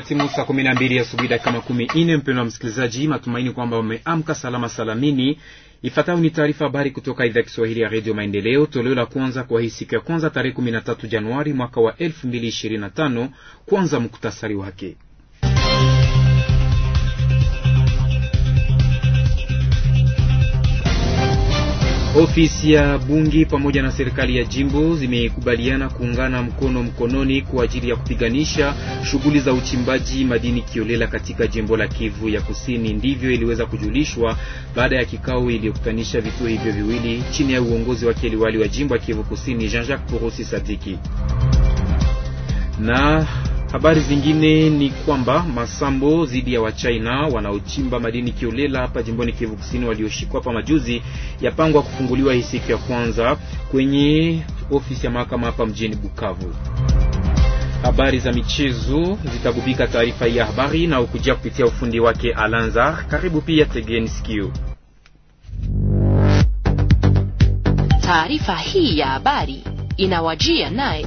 Imetimu saa kumi na mbili asubuhi dakika makumi nne. wa msikilizaji, matumaini kwamba umeamka salama salamini. Ifuatayo ni taarifa habari kutoka idhaa Kiswahili ya redio Maendeleo, toleo la kwanza kwa hii siku ya kwanza tarehe 13 Januari mwaka wa 2025. Kwanza muktasari wake Ofisi ya bunge pamoja na serikali ya jimbo zimekubaliana kuungana mkono mkononi kwa ajili ya kupiganisha shughuli za uchimbaji madini kiolela katika jimbo la Kivu ya Kusini. Ndivyo iliweza kujulishwa baada ya kikao iliyokutanisha vituo hivyo viwili chini ya uongozi wa kiliwali wa jimbo ya Kivu Kusini Jean-Jacques Purusi Sadiki na Habari zingine ni kwamba masambo dhidi ya Wachina wanaochimba madini kiolela hapa jimboni Kivu Kusini walioshikwa hapa majuzi yapangwa kufunguliwa hii siku ya kwanza kwenye ofisi ya mahakama hapa mjini Bukavu. Habari za michezo zitagubika taarifa hii ya habari na ukujia kupitia ufundi wake Alanzar. Karibu pia, tegeni sikio taarifa hii ya habari inawajia naye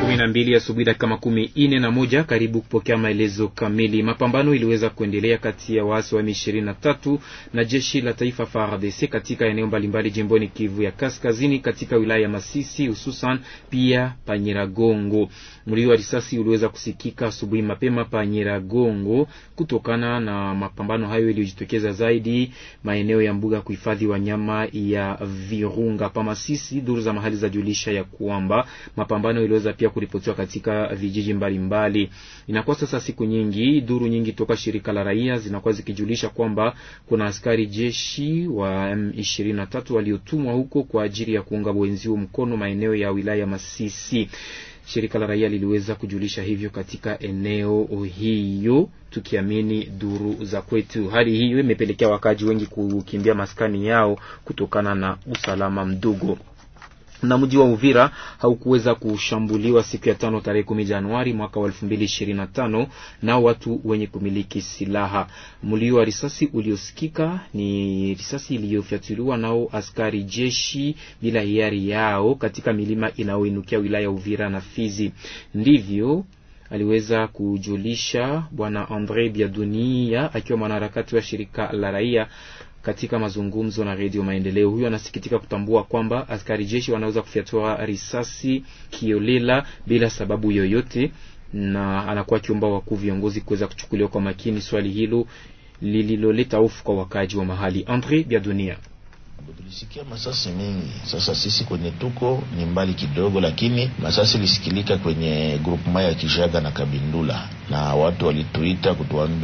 kumi na mbili asubuhi dakika makumi ine na moja karibu kupokea maelezo kamili. Mapambano iliweza kuendelea kati ya waasi wa M23 na jeshi la taifa FARDC katika eneo mbalimbali jimboni Kivu ya Kaskazini, katika wilaya ya Masisi hususan pia Panyiragongo. Mlio wa risasi uliweza kusikika asubuhi mapema Panyiragongo kutokana na mapambano hayo yaliyojitokeza zaidi maeneo ya mbuga kuhifadhi wanyama ya Virunga pa Masisi. Duru za mahali za julisha ya kwamba mapambano iliweza pia zimekuja kuripotiwa katika vijiji mbalimbali mbali. Inakuwa sasa siku nyingi, duru nyingi toka shirika la raia zinakuwa zikijulisha kwamba kuna askari jeshi wa M23 waliotumwa huko kwa ajili ya kuunga wenzio mkono maeneo ya wilaya Masisi. Shirika la raia liliweza kujulisha hivyo katika eneo hiyo, tukiamini duru za kwetu. Hali hiyo imepelekea wakaji wengi kukimbia maskani yao kutokana na usalama mdogo na mji wa Uvira haukuweza kushambuliwa siku ya tano tarehe kumi Januari mwaka wa elfu mbili ishirini na tano na watu wenye kumiliki silaha. Mlio wa risasi uliosikika ni risasi iliyofyatuliwa nao askari jeshi bila hiari yao katika milima inayoinukia wilaya ya Uvira na Fizi. Ndivyo aliweza kujulisha Bwana Andre Biadunia akiwa mwanaharakati wa shirika la raia katika mazungumzo na Redio Maendeleo. Huyo anasikitika kutambua kwamba askari jeshi wanaweza kufyatua risasi kiolela bila sababu yoyote, na anakuwa akiomba wakuu viongozi kuweza kuchukuliwa kwa makini swali hilo lililoleta hofu kwa wakaaji wa mahali. Andre Dunia tulisikia masasi mingi. Sasa sisi kwenye tuko ni mbali kidogo, lakini masasi lisikilika kwenye grupema ya Kishaga na Kabindula na watu walituita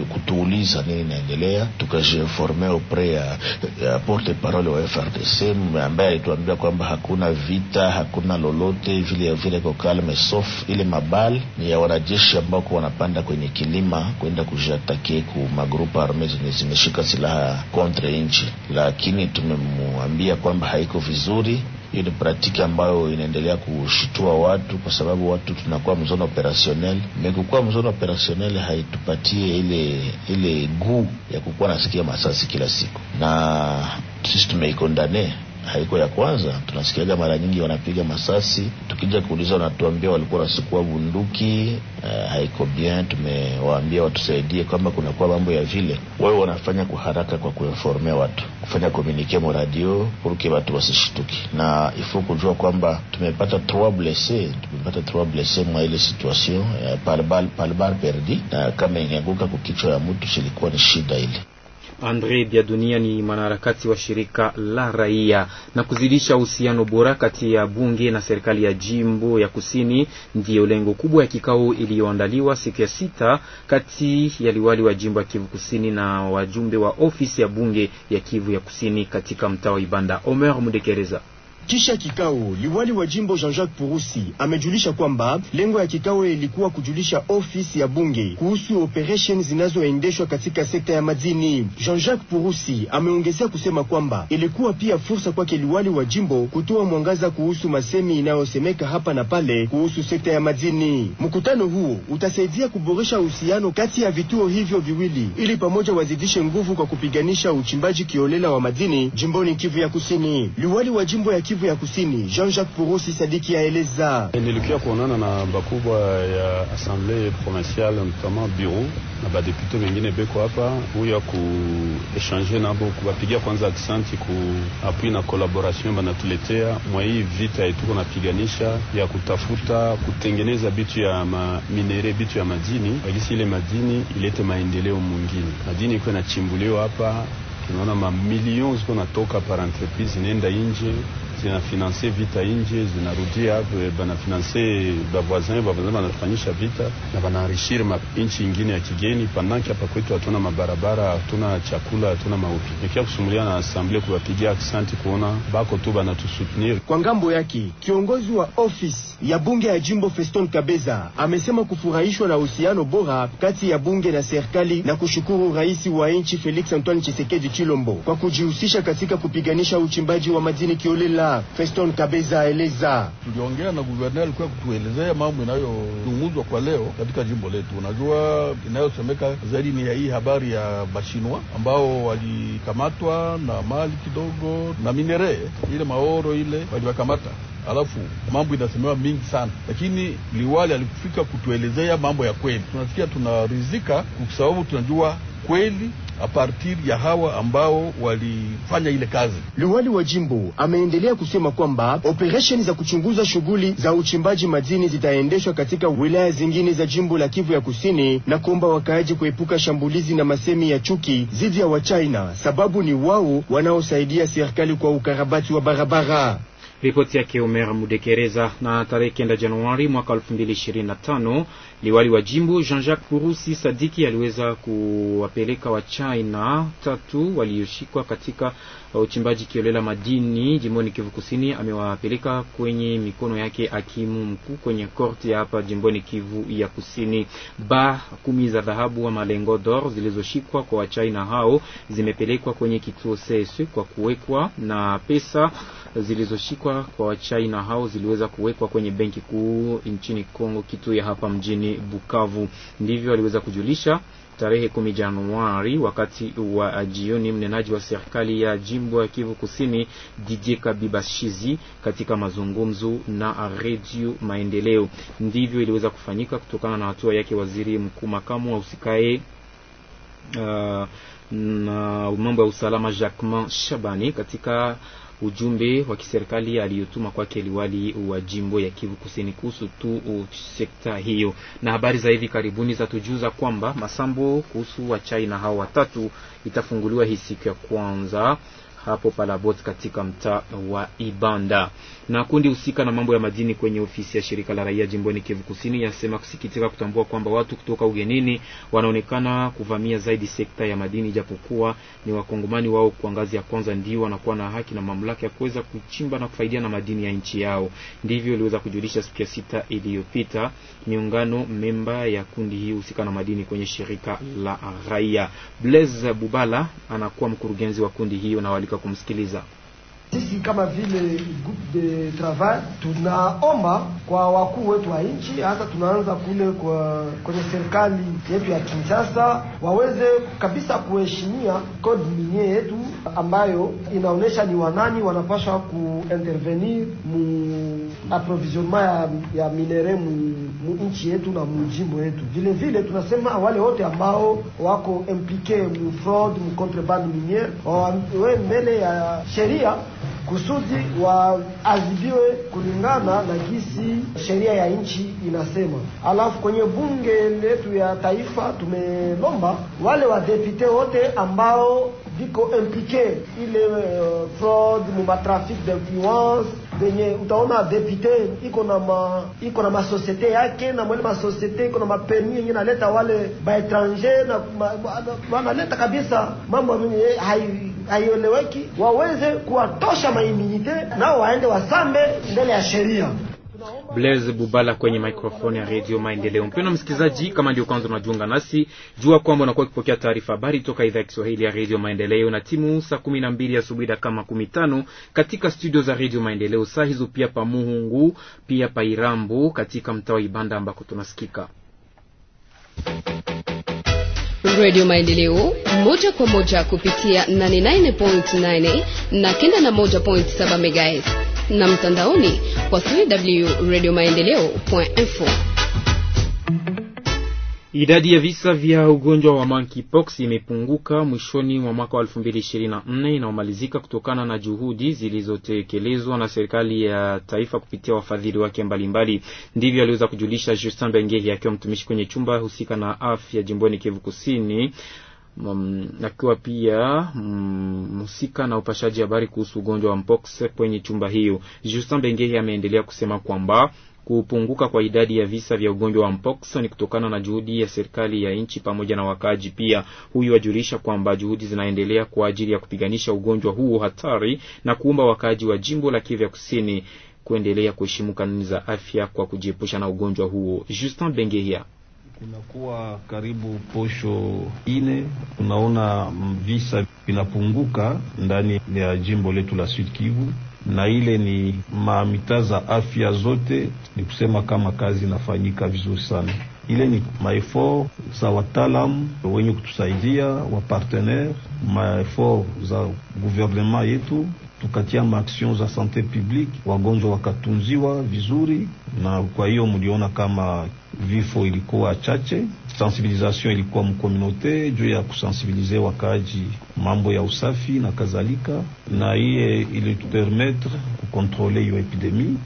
kutuuliza nini inaendelea, tukajiinforme upre ya, ya porte parole wa FRDC ambaye alituambia kwamba hakuna vita, hakuna lolote vile vile, ko kalme sof ile mabal ni ya wanajeshi ambao wanapanda kwenye kilima kwenda kujiatake ku magrupu arme zenye zimeshika silaha kontre nchi, lakini tumemwambia kwamba haiko vizuri hiyo ni pratiki ambayo inaendelea kushitua watu, kwa sababu watu tunakuwa mzono operasionel mekukuwa mzono operasionel haitupatie ile ile guu ya kukuwa nasikia masasi kila siku, na sisi tumeikondane haiko ya kwanza. Tunasikiaga mara nyingi wanapiga masasi, tukija kuuliza wanatuambia walikuwa wasikuwa bunduki. Uh, haiko bien. Tumewaambia watusaidie kwamba kunakuwa mambo ya vile, wao wanafanya kwa haraka kwa kuinformea watu, kufanya komunike mo radio puruke watu wasishituki, na ifo kujua kwamba tumepata trois blesse, tumepata trois blesse mwa ile situation uh, eh, palbal palbal perdi, na kama ingeanguka kukichwa ya mtu silikuwa ni shida ile Andre biadunia ni mwanaharakati wa shirika la raia na kuzidisha uhusiano bora kati ya bunge na serikali ya jimbo ya kusini. Ndiyo lengo kubwa ya kikao iliyoandaliwa siku ya sita kati ya liwali wa jimbo ya Kivu kusini na wajumbe wa ofisi ya bunge ya Kivu ya kusini katika mtaa wa Ibanda. Omer Mudekereza kisha kikao, liwali wa jimbo Jean-Jacques Purusi amejulisha kwamba lengo ya kikao ilikuwa kujulisha ofisi ya bunge kuhusu operation zinazoendeshwa katika sekta ya madini. Jean-Jacques Purusi ameongezea kusema kwamba ilikuwa pia fursa kwake liwali wa jimbo kutoa mwangaza kuhusu masemi inayosemeka hapa na pale kuhusu sekta ya madini. Mkutano huo utasaidia kuboresha uhusiano kati ya vituo hivyo viwili ili pamoja wazidishe nguvu kwa kupiganisha uchimbaji kiolela wa madini jimboni Kivu ya Kusini. Liwali wa jimbo ya Kivu Kivu ya Kusini, Jean-Jacques Purusi Sadiki aeleza. Nilikia kuonana na bakubwa ya assemble provinciale notamment bureau na badepute bengine beko hapa huya kuechange nabo kubapigia kwanza aksanti ku apui na kolaboration banatuletea mwa hii vita yetuko napiganisha ya kutafuta kutengeneza bitu ya minere bitu ya madini wakisi ile madini ilete maendeleo mwingine. Madini iko inachimbuliwa hapa, tunaona mamilion ziko natoka par entreprise inaenda nje zinafinansie vita inje, zinarudia banafinansie bavwazin, bavwazin banafanyisha vita na banaarishiri inchi ingine ya kigeni. Pandanki hapa kwetu hatuna mabarabara, hatuna chakula, hatuna maupi. Nikia kusumulia na asamble kuwapigia aksanti kuona bako tu banatusutenir. Kwa ngambo yake kiongozi wa ofisi ya bunge ya jimbo Feston Kabeza amesema kufurahishwa na uhusiano bora kati ya bunge na serikali na kushukuru rais wa nchi Felix Antoine chisekedi Chilombo kwa kujihusisha katika kupiganisha uchimbaji wa madini kiolela Gavana Feston Kabeza aeleza. Tuliongea na guverneur, alikuwa kutuelezea mambo inayozungumzwa kwa leo katika jimbo letu. Unajua, inayosemeka zaidi ni ya hii habari ya bashinwa ambao walikamatwa na mali kidogo na minere ile maoro ile waliwakamata Alafu mambo inasemewa mingi sana, lakini liwali alifika kutuelezea mambo ya kweli. Tunasikia tunarizika, kwa sababu tunajua ukweli a partir ya hawa ambao walifanya ile kazi. Liwali wa jimbo ameendelea kusema kwamba operesheni za kuchunguza shughuli za uchimbaji madini zitaendeshwa katika wilaya zingine za jimbo la Kivu ya Kusini na kuomba wakaaji kuepuka shambulizi na masemi ya chuki dhidi ya Wachina, sababu ni wao wanaosaidia serikali kwa ukarabati wa barabara. Ripoti yake Omer Mudekereza. Na tarehe kenda Januari mwaka 2025 liwali wa jimbo Jean-Jacques Purusi Sadiki aliweza kuwapeleka wa China tatu walioshikwa katika uchimbaji kiolela madini jimboni Kivu Kusini, amewapeleka kwenye mikono yake akimu mkuu kwenye korti ya hapa jimboni Kivu ya Kusini. Ba kumi za dhahabu wa malengo d'or zilizoshikwa kwa Wachina hao zimepelekwa kwenye kituo sesu kwa kuwekwa na pesa zilizoshikwa kwa China hao ziliweza kuwekwa kwenye benki kuu nchini Kongo, kitu ya hapa mjini Bukavu. Ndivyo aliweza kujulisha tarehe kumi Januari wakati wa jioni mnenaji wa serikali ya jimbo ya Kivu Kusini Didier Kabibashizi katika mazungumzo na Redio Maendeleo. Ndivyo iliweza kufanyika kutokana na hatua yake waziri mkuu makamu wa usikae uh, na mambo ya usalama Jacquemin Shabani katika ujumbe wa kiserikali aliyotuma kwake liwali wa jimbo ya Kivu Kusini kuhusu tu sekta hiyo. Na habari za hivi karibuni zatujuza kwamba masambo kuhusu China hao watatu itafunguliwa hii siku ya kwanza hapo Palaboz katika mtaa wa Ibanda. Na kundi husika na mambo ya madini kwenye ofisi ya shirika la raia jimboni Kivu Kusini yasema kusikitika kutambua kwamba watu kutoka ugenini wanaonekana kuvamia zaidi sekta ya madini, japokuwa ni wakongomani wao kwa ngazi ya kwanza ndio wanakuwa na haki na mamlaka ya kuweza kuchimba na kufaidia na madini ya nchi yao. Ndivyo iliweza kujulisha siku ya sita iliyopita miungano memba ya kundi hii husika na madini kwenye shirika la raia. Blaise Bubala anakuwa mkurugenzi wa kundi hiyo na walika katika kumsikiliza sisi kama vile group de travail tunaomba kwa wakuu wetu wa nchi, hasa tunaanza kule kwa kwenye serikali yetu ya Kinshasa, waweze kabisa kuheshimia code minier yetu ambayo inaonyesha ni wanani wanapaswa kuintervenir mu approvisionnement ya, ya minere mu, mu nchi yetu na mujimbo yetu. Vile vile tunasema wale wote ambao wako implike mu fraud mu contrebande miniere wawe mbele ya sheria kusudi waadhibiwe kulingana na gisi sheria ya nchi inasema. Alafu kwenye bunge letu ya taifa tumelomba wale wadepute wote ambao viko implike ile uh, fraud mumatrafic d'influence venye utaona depute iko na ma iko na masosiete yake na mwele masosiete iko na mapermi yenye naleta wale baetranger na wanaleta kabisa mambo yenye eh, haieleweki, waweze kuwatosha maimunité nao waende wasambe mbele ya sheria. Blaise Bubala kwenye mikrofoni ya radio Maendeleo. Mpendwa msikilizaji, kama ndio kwanza unajiunga nasi, jua kwamba unakuwa ukipokea taarifa habari toka idhaa ya Kiswahili ya Redio Maendeleo na timu saa kumi na mbili asubuhi da kama 15 katika studio za Radio Maendeleo, saa hizo pia pa Muhungu pia pa Irambo katika mtaa wa Ibanda ambako tunasikika Radio Maendeleo moja kwa moja kupitia 89.9 na 91.7 MHz na mtandaoni kwa www.radiomaendeleo.info. Idadi ya visa vya ugonjwa wa monkeypox imepunguka mwishoni mwa mwaka wa 2024 inaomalizika kutokana na juhudi zilizotekelezwa na serikali ya taifa kupitia wafadhili wake mbalimbali. Ndivyo aliweza kujulisha Justin Bengehi akiwa mtumishi kwenye chumba husika na afya jimboni Kivu Kusini akiwa pia mm, mhusika na upashaji habari kuhusu ugonjwa wa mpox kwenye chumba hiyo. Justin Bengeri ameendelea kusema kwamba kupunguka kwa idadi ya visa vya ugonjwa wa mpox ni kutokana na juhudi ya serikali ya nchi pamoja na wakaaji pia. Huyu ajulisha kwamba juhudi zinaendelea kwa ajili ya kupiganisha ugonjwa huo hatari na kuumba wakaaji wa jimbo la Kivu Kusini kuendelea kuheshimu kanuni za afya kwa kujiepusha na ugonjwa huo. Justin Bengeria kunakuwa karibu posho ine, unaona visa vinapunguka ndani ya jimbo letu la Sud Kivu na ile ni mamita za afya zote, ni kusema kama kazi inafanyika vizuri sana. Ile ni maefort za wataalamu wenye kutusaidia, wapartenere, maefort za guvernema yetu tukatia maaksion za sante publique, wagonjwa wakatunziwa vizuri, na kwa hiyo mliona kama vifo ilikuwa chache. Sensibilisation ilikuwa mkomunote juu ya kusensibilize wakaaji mambo ya usafi na kadhalika, na iye ilitupermetre kukontrole hiyo epidemi.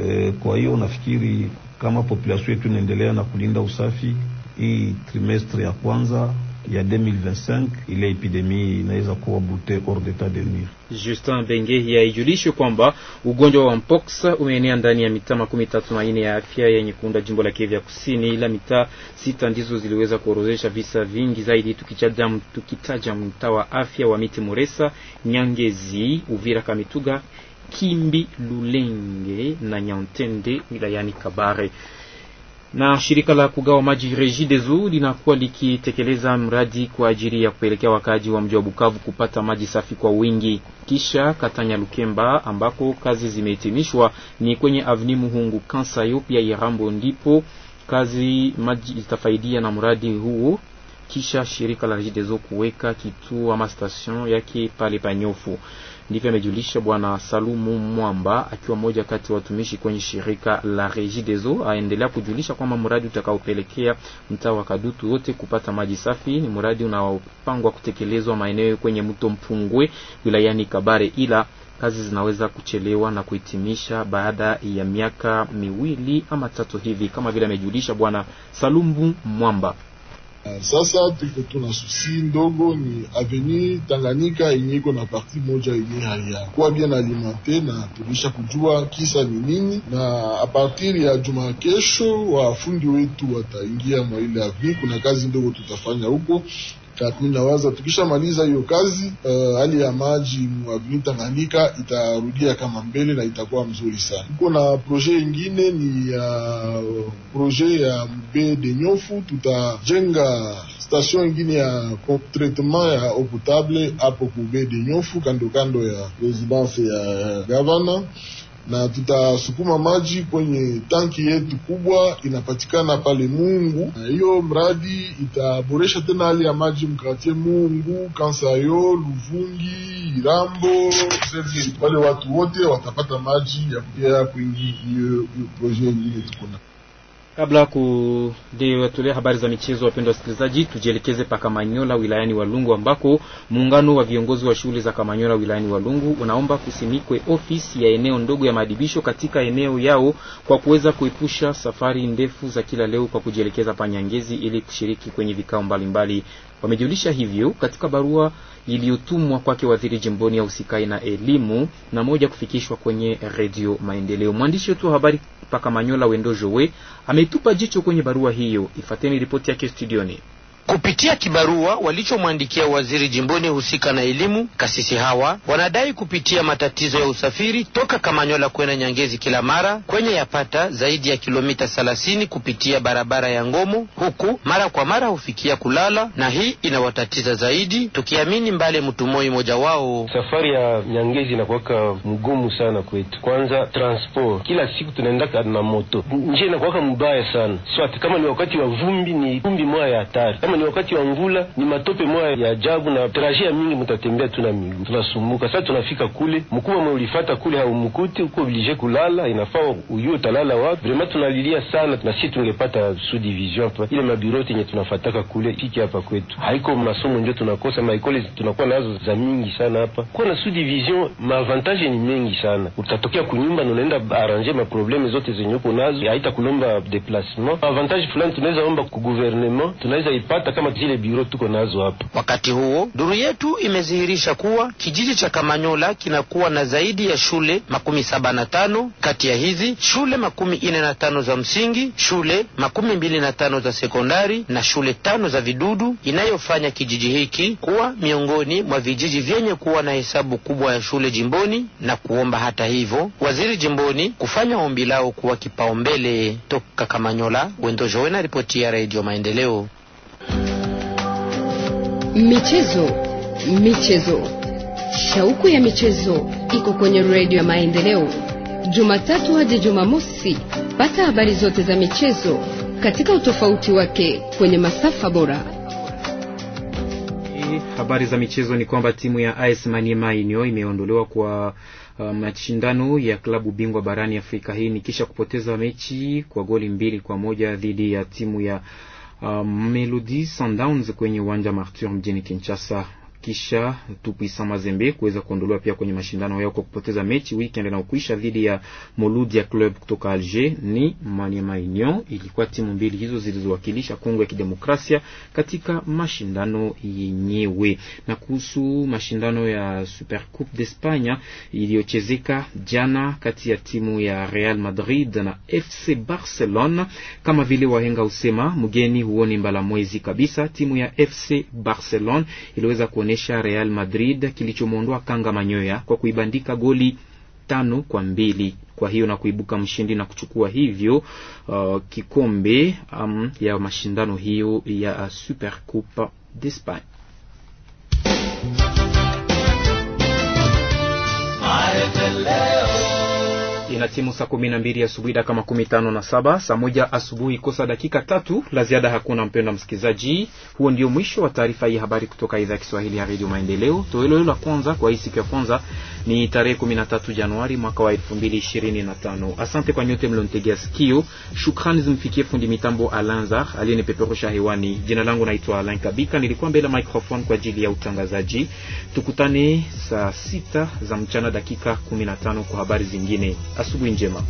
E, eh, kwa hiyo nafikiri kama population yetu inaendelea na kulinda usafi hii trimestre ya kwanza ya 2025 ile epidemia inaweza kuwa bute hors d'etat de nuire. Justin Benge yaijulishwe kwamba ugonjwa wa mpox umeenea ndani ya mitaa makumi tatu na nne ya afya yenye kuunda jimbo la Kivu ya Kusini, ila mitaa sita ndizo ziliweza kuorozesha visa vingi zaidi, tukitaja tukitaja mtaa wa afya wa Miti muresa Nyangezi, Uvira, Kamituga, Kimbi, Lulenge na nyantende wilayani Kabare na shirika la kugawa maji Regideso linakuwa likitekeleza mradi kwa ajili ya kupelekea wakaaji wa mji wa Bukavu kupata maji safi kwa wingi. Kisha Katanya Lukemba, ambako kazi zimehitimishwa ni kwenye avni Muhungu Kansayo pia Yarambo, ndipo kazi maji itafaidia na mradi huo, kisha shirika la Regideso kuweka kituo ama station yake pale panyofu. Ndivyo amejulisha Bwana Salumu Mwamba akiwa mmoja kati ya watumishi kwenye shirika la Regideso. Aendelea kujulisha kwamba mradi utakaopelekea mtaa wa Kadutu wote kupata maji safi ni mradi unaopangwa kutekelezwa maeneo kwenye mto Mpungwe wilayani Kabare, ila kazi zinaweza kuchelewa na kuhitimisha baada ya miaka miwili ama tatu hivi, kama vile amejulisha Bwana Salumbu Mwamba. Sasa tuko tuna susi ndogo ni aveni Tanganyika yenye iko na parti moja yenye kwa bien alimente, na tulisha kujua kisa ni nini, na apartir ya juma kesho wafundi wetu wataingia mwa ile avenir. Kuna kazi ndogo tutafanya huko tukisha tukishamaliza hiyo kazi uh, hali ya maji mwavini Tanganyika itarudia kama mbele na itakuwa mzuri sana. Tuko na proje ingine ni ya uh, proje ya de Nyofu, tutajenga station ingine ya treatment ya eau potable hapo de Nyofu, kando kando ya residence ya gavana na tutasukuma maji kwenye tanki yetu kubwa inapatikana pale Mungu, na hiyo mradi itaboresha tena hali ya maji mkatie Mungu, Kansayo, Luvungi, Irambo, wale watu wote watapata maji ya kuingia hiyo proje ingine tukona Kabla ya kuwatolea habari za michezo, wapendwa wasikilizaji, tujielekeze pa Kamanyola wilayani Walungu, ambako muungano wa viongozi wa shule za Kamanyola wilayani Walungu unaomba kusimikwe ofisi ya eneo ndogo ya maadibisho katika eneo yao kwa kuweza kuepusha safari ndefu za kila leo kwa kujielekeza Panyangezi ili kushiriki kwenye vikao mbalimbali. Wamejulisha hivyo katika barua iliyotumwa kwake waziri jimboni ya usikai na elimu na moja kufikishwa kwenye Redio Maendeleo. Mwandishi wetu wa habari mpaka Manyola Wendojo we ametupa jicho kwenye barua hiyo. Ifateni ripoti yake studioni. Kupitia kibarua walichomwandikia waziri jimboni husika na elimu, kasisi hawa wanadai kupitia matatizo ya usafiri toka Kamanyola kwenda Nyangezi kila mara kwenye yapata zaidi ya kilomita thelathini kupitia barabara ya Ngomo, huku mara kwa mara hufikia kulala, na hii inawatatiza zaidi, tukiamini Mbale Mtumoi, moja wao. Safari ya Nyangezi inakuwaka mgumu sana kwetu, kwanza transport, kila siku tunaendaka na moto, njia inakuwaka mbaya sana swati, kama ni wakati wa vumbi, ni vumbi moya ya hatari kama ni wakati wa ngula ni matope moya ya ajabu na trajea mingi, mutatembea tuna miguu tunasumbuka. Sasa tunafika kule, mkubwa mwe ulifata kule haumukuti, uko oblige kulala, inafaa uyuo utalala wapi? Vrema tunalilia sana, na si tungepata subdivision pa ile mabiroti yenye tunafataka kule fiki hapa kwetu haiko. Masomo ndio tunakosa, maekole tunakuwa nazo za mingi sana hapa. Kuwa na subdivision maavantage ni mengi sana, utatokea kunyumba na unaenda aranje maprobleme zote zenye uko nazo, haitakulomba deplacement. Avantage fulani tunaweza omba ku gouvernement, tunaweza ipata hata kama zile biro tuko nazo hapa. Wakati huo duru yetu imezihirisha kuwa kijiji cha Kamanyola kinakuwa na zaidi ya shule makumi saba na tano kati ya hizi shule makumi ine na tano za msingi, shule makumi mbili na tano za sekondari na shule tano za vidudu, inayofanya kijiji hiki kuwa miongoni mwa vijiji vyenye kuwa na hesabu kubwa ya shule jimboni, na kuomba hata hivyo waziri jimboni kufanya ombi lao kuwa kipaumbele. Toka Kamanyola, Wendo Joena, ripoti ya Redio Maendeleo. Michezo, michezo, shauku ya michezo iko kwenye redio ya Maendeleo, Jumatatu hadi Jumamosi. Pata habari zote za michezo katika utofauti wake kwenye masafa bora. Eh, habari za michezo ni kwamba timu ya AS Maniema imeondolewa kwa uh, mashindano ya klabu bingwa barani Afrika. Hii ni kisha kupoteza mechi kwa goli mbili kwa moja dhidi ya timu ya um, Melody Sundowns kwenye uwanja Martyr mjini Kinshasa kisha Tupwisa Mazembe kuweza kuondolewa pia kwenye mashindano yao kwa kupoteza mechi weekend na ukwisha dhidi ya Moludia Club kutoka Alger. Ni Maniema Union ilikuwa timu mbili hizo zilizowakilisha Kongo ya Kidemokrasia katika mashindano yenyewe. Na kuhusu mashindano ya Super Coupe d'Espanya iliyochezeka jana kati ya timu ya Real Madrid na FC Barcelona, kama vile wahenga usema, mgeni huoni mbala mwezi kabisa. Timu ya FC Barcelona iliweza kuone kuonyesha Real Madrid kilichomwondoa kanga manyoya kwa kuibandika goli tano kwa mbili kwa hiyo na kuibuka mshindi na kuchukua hivyo uh, kikombe um, ya mashindano hiyo ya uh, Super Coupe d'Espagne ina timu saa kumi na mbili asubuhi dakika makumi tano na saba saa moja asubuhi kosa dakika tatu la ziada hakuna. Mpendo msikilizaji, huo ndio mwisho wa taarifa hii habari kutoka idhaa ya Kiswahili ya Radio Maendeleo, toleo la kwanza kwa hii siku ya kwanza ni tarehe 13 Januari mwaka wa 2025. Asante kwa nyote mlionitegea sikio. Shukrani zimfikie fundi mitambo Alanza aliyenipeperusha hewani. Jina langu naitwa Alain Kabika, nilikuwa mbele microphone kwa ajili ya utangazaji. Tukutane saa sita za mchana dakika 15 kwa habari zingine. Asubuhi njema.